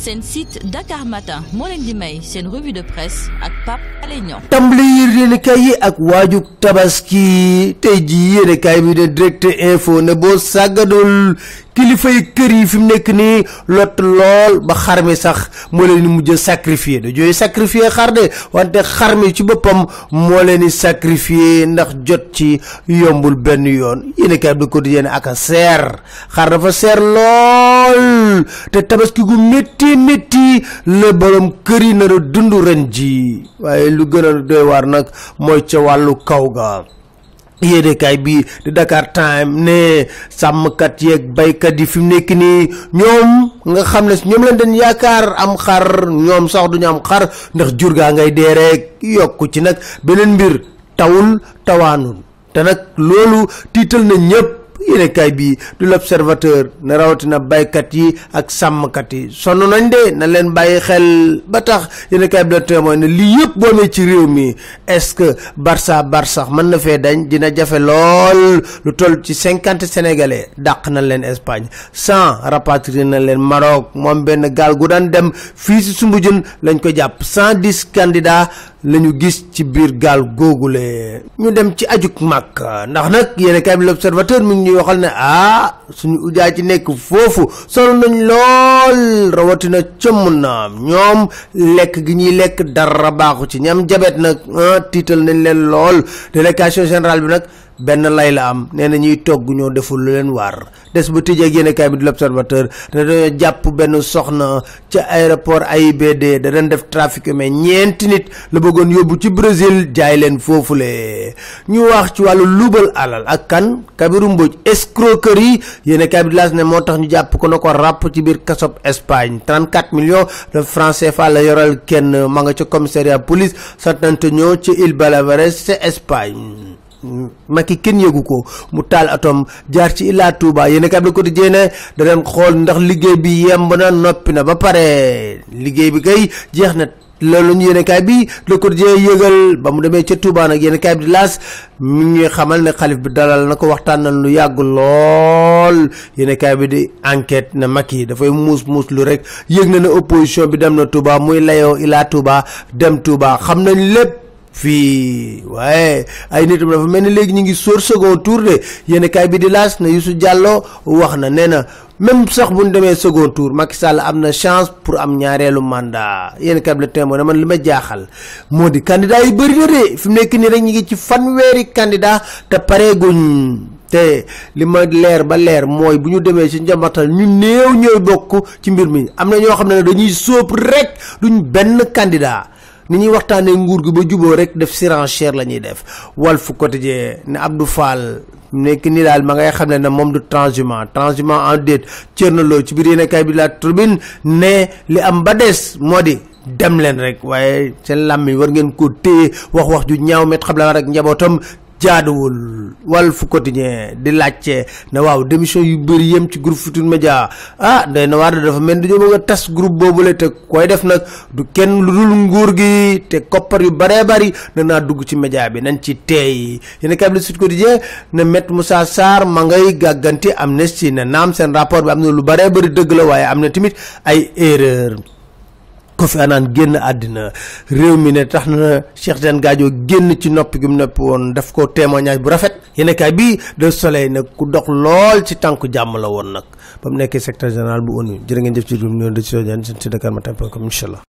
seen site Dakar Matin moo leen di may seen revue de presse ak Pape Alé Niang tàmbali yéenekaay yi ak waaju tabaski tey ji yéenekaay bi ne direct info ne boo sàggadul kilifa kër yi fi mu nekk nii lot lool ba xar mi sax moo leen mujj a sacrifié da jooy sacrifié xar de wante xar mi ci boppam moo leen di sacrifié ndax jot ci yombul benn yoon yéen kat bi quotidien ak a seer xar dafa seer lool te tabaski gu métti métti la borom kër yi nar dundu dund ren ji waaye lu gëna a doy waar nag mooy ca wàllu kaw ga yéenekaay bi di Dakar Time ne sàmmkat yeeg baykat yi fi mu nekk nii ñoom nga xam ne ñoom lañ dañ yaakaar am xar ñoom sax duñu am xar ndax jur gaa ngay dee rek yokku ci nag beneen mbir tawul tawaanul te nag loolu tiital na ñëpp. yéenekaay bii du l'observateur ne rawatina baykat yi ak sàmmkat yi sonn nañ de na leen bàyyi xel ba tax yéenekaay bi la témoin ne lii yëpp boo ci réew mi est-ce que Barça Barça mën na fee dañ dina jafe lool lu toll ci cinquante sénégalais dàq na leen Espagne cent rapatrié na leen Maroc moom benn gaal gu daan dem fii si Soumbédioune lañ ko jàpp cent dix candidats lañu gis ci biir gaal googule ñu dem ci ajuk màkk ndax nag yéen kay bi l'observateur mi ngi ñuy waxal ne ah suñu ujaa ci nekk foofu solo nañ lool rawatina cëmm naam ñoom lekk gi ñuy lekk dara baaxu ci ñam jabet nag ah, tiital nañ leen lool délégation générale bi nag benn lay la am nee na ñuy togg ñoo deful lu leen waar des ba tëjee ak yéenekaay bi di l'observateur da dañoo jàpp benn soxna ca aéroport AIBD da doon def trafic mais ñeenti nit la bëggoon yóbbu ci Brésil jaay leen foofu foofule. ñu wax ci wàllu luubal alal ak kan Kabiru Mbodj escroquerie yéenekaay bi di laas ne moo tax ñu jàpp ko na ko ràpp ci biir kasob Espagne 34 millions de francs CFA la yoral kenn ma nga ca commissariat police sant ñoo ci Île Balavarese ca Espagne. mag yi kenn yëgu ko mu taal atom jaar ci illaa Touba yéen a kaay Le Quotidien ne da doon xool ndax liggéey bi yemb na noppi na ba pare liggéey bi kay jeex na loolu ñu yéen bi Le Quotidien ba mu demee ca Touba nag yéen bi di mi ngi xamal ne xalif bi dalal na ko waxtaan na lu yàgg lool yéen bi di enquête na yi dafay muus muus lu rek yëg na ne opposition bi dem na Touba muy layoo illaa Touba dem Touba xam nañ lépp. fii waaye ay nitam dafa mel ni léegi ñu ngi sóor second tour de yéen kaay bi di laas na Youssou Diallo wax na nee na même sax bu ñu demee second tour Macky Sall am na chance pour am ñaareelu mandat yéen kaay bi la témoin na man li ma jaaxal moo di candidat yi bëri na de fi mu nekk nii rek ñu ngi ci fanweeri candidat te pareeguñ te li ma leer ba leer mooy bu ñu demee ci njambatal ñu néew ñooy bokk ci mbir mi am na ñoo xam ne dañuy sóob rek duñ benn candidat ni ñuy waxtaanee nguur gi ba juboo rek def surenchère la ñuy def fu coté Quotidien ne Abdou Fall nekk ni daal ma ngay xam ne ne moom du transhumant transhumant en dette na Lo ci biir yéen kay bi la tribune ne li am ba des moo di dem leen rek waaye seen làmmiñ war ngeen ko téye wax wax ju ñaaw met xam la rek njabootam jaaduwul Walf Quotidien di laajte ne waaw démission yu bëri yem ci groupe Futurs Médias ah day na waar dafa mel ni dañoo bëgg a tas boobu boobule te koy def nag du kenn lu dul nguur gi te koppar yu baree bari danaa dugg ci média bi nañ ci teey yenn a kabli Sud na ne Maître Moussa Sarr ma ngay gàgganti Amnesty ne naam seen rapport bi am na lu baree bari dëgg la waaye am na tamit ay erreur Kofi Annan génn àddina réew mi ne tax na Cheikh Tidiane Gadio génn ci noppi gi mu noppi woon daf ko témoignage bu rafet yenekaay bii de soleil nag ku dox lool ci tànku jàmm la woon nag ba mu nekkee secrétaire général bu ONU jërë ngeen jëf ci dum ñoon de ci soo jaan seen si Dakar Matin point